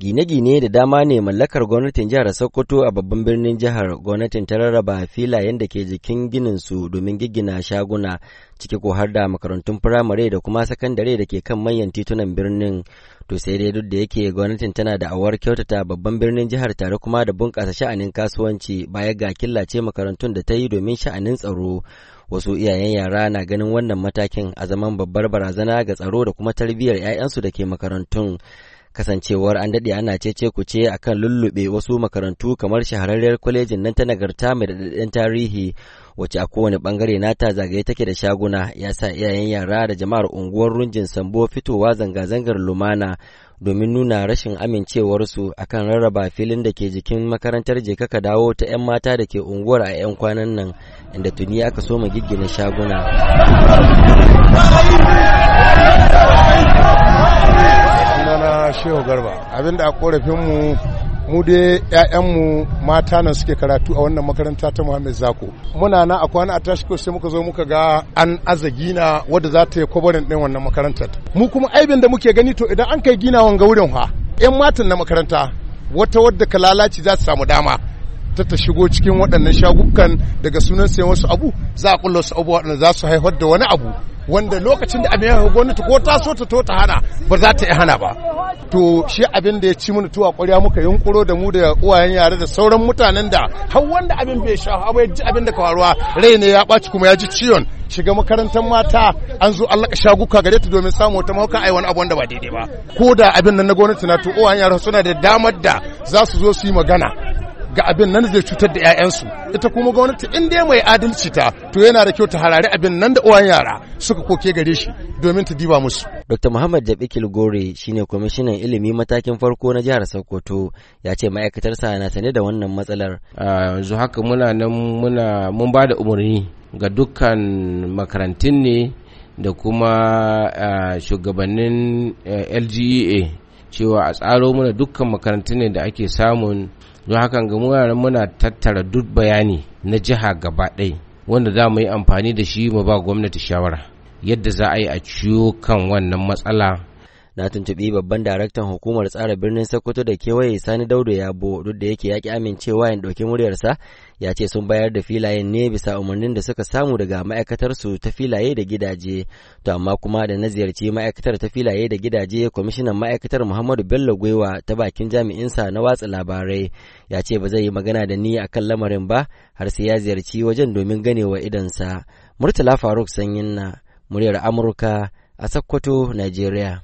Gine-gine da dama ne mallakar gwamnatin jihar Sokoto a babban birnin jihar gwamnatin ta rarraba filayen da ke jikin ginin su domin giggina shaguna ciki ko har da makarantun firamare da kuma sakandare da ke kan manyan titunan birnin. To sai dai duk da yake gwamnatin tana da awar kyautata babban birnin jihar tare kuma da bunƙasa sha'anin kasuwanci baya ga killace makarantun da ta yi domin sha'anin tsaro. Wasu iyayen yara na ganin wannan matakin a zaman babbar barazana ga tsaro da kuma tarbiyyar 'ya'yansu da ke makarantun. kasancewar an daɗe ana cece kuce kan lullube wasu makarantu kamar shahararriyar kwalejin nan ta nagarta mai daɗaɗɗen tarihi wacce a kowane bangare nata zagaye take da shaguna ya sa iyayen yara da jama'ar unguwar runjin sambo fitowa zanga-zangar lumana domin nuna rashin amincewarsu akan rarraba filin da ke jikin makarantar jeka ka dawo ta 'yan mata da ke unguwar a 'yan kwanan nan inda tuni aka soma giggina shaguna Abin abinda a korafinmu mu dai 'ya'yanmu mata nan suke karatu a wannan makaranta ta muhammed zako muna na a kwana a tashi sai muka zo muka ga an aza gina wadda za ta yi kwabarin ɗin wannan makarantar mu kuma aibin da muke gani to idan an kai gina wanga wurin ha 'yan matan na makaranta wata wadda ka lalaci za su samu dama ta ta shigo cikin waɗannan shagukan daga sunan sayan wasu abu za a kulla wasu abu waɗanda za su haifar da wani abu wanda lokacin da abin ya gwamnati ko ta so ta to ta hana ba za ta iya hana ba to shi abin da ya ci mana tuwa ƙwarya muka yunkuro da mu da uwayen yare da sauran mutanen da har wanda abin bai sha ba ji abin da ka faruwa rai ne ya ɓaci kuma ya ji ciwon shiga makarantar mata an zo Allah shaguka gare ta domin samu wata mauka ai wani abu da ba daidai ba ko da abin nan na gwamnati na to uwayen yare suna da damar da za su zo su yi magana ga abin nan zai cutar da 'ya'yansu ita kuma gwamnati in dai mai adalci ta to yana da kyau ta harare abin nan da uwan yara suka koke gare shi domin ta diba musu Dr. Muhammad kilgore shi shine kwamishinan ilimi matakin farko na jihar Sokoto ya ce ma'aikatarsa na sane da wannan matsalar. yanzu haka muna nan muna mun ba da umarni ga dukkan makarantun ne da kuma shugabannin lga e cewa a tsaro muna dukkan makarantun ne da ake samun don hakan ga muna muna tattara duk bayani na jiha gaba ɗaya wanda za mu yi amfani da shi mu ba gwamnati shawara. yadda za a yi a ciyo kan wannan matsala na tuntuɓi babban daraktan hukumar tsara birnin sokoto da kewaye sani ya yabo duk da yake yaƙi amincewa ya ɗauki muryarsa ya ce sun bayar da filayen ne bisa umarnin da suka samu daga ma'aikatar su ta filaye da gidaje to amma kuma da na ziyarci ma'aikatar ta filaye da gidaje kwamishinan ma'aikatar muhammadu bello Gwewa ta bakin jami'insa na watsa labarai ya ce ba zai yi magana da ni akan lamarin ba har sai ya ziyarci wajen domin ganewa idansa murtala faruk sanyin na muryar Amurka a Sokoto, Najeriya.